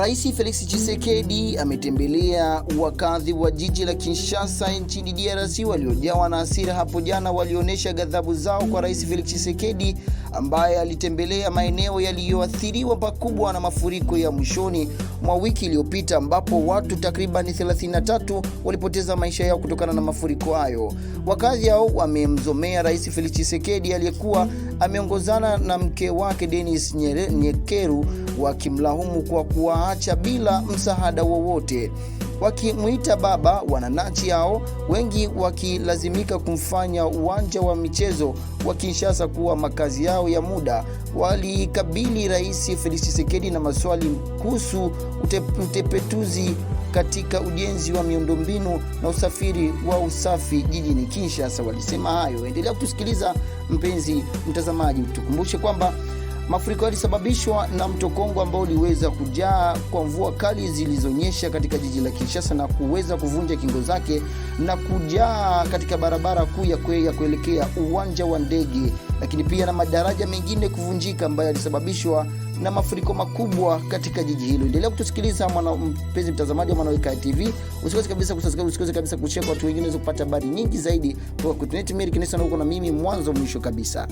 Rais Felix Tshisekedi ametembelea wakazi wa jiji la Kinshasa nchini DRC waliojawa na hasira hapo jana, walionyesha ghadhabu zao kwa Rais Felix Tshisekedi ambaye alitembelea maeneo yaliyoathiriwa pakubwa na mafuriko ya mwishoni mwa wiki iliyopita, ambapo watu takriban 33 walipoteza maisha yao kutokana na mafuriko hayo. wakazi hao wamemzomea Rais Felix Tshisekedi aliyekuwa ameongozana na mke wake Denis Nyekeru wakimlaumu kwa kuwaacha bila msaada wowote wakimwita baba wananachi hao wengi wakilazimika kumfanya uwanja wa michezo wa Kinshasa kuwa makazi yao ya muda. Walikabili Rais Felix Tshisekedi na maswali kuhusu utepetuzi katika ujenzi wa miundombinu na usafiri wa usafi jijini Kinshasa. Walisema hayo. Endelea kutusikiliza mpenzi mtazamaji, tukumbushe kwamba Mafuriko yalisababishwa na mto kongo ambao uliweza kujaa kwa mvua kali zilizonyesha katika jiji la Kinshasa na kuweza kuvunja kingo zake na kujaa katika barabara kuu ya kwe kuelekea uwanja wa ndege, lakini pia na madaraja mengine kuvunjika ambayo yalisababishwa na mafuriko makubwa katika jiji hilo. Endelea kutusikiliza mwana mpenzi mtazamaji wa Mwanawika TV. Usikose kabisa kusubscribe, usikose kabisa kushare kwa watu wengine waweze kupata habari nyingi zaidi kutoka kwetu. Huko na mimi mwanzo mwisho kabisa.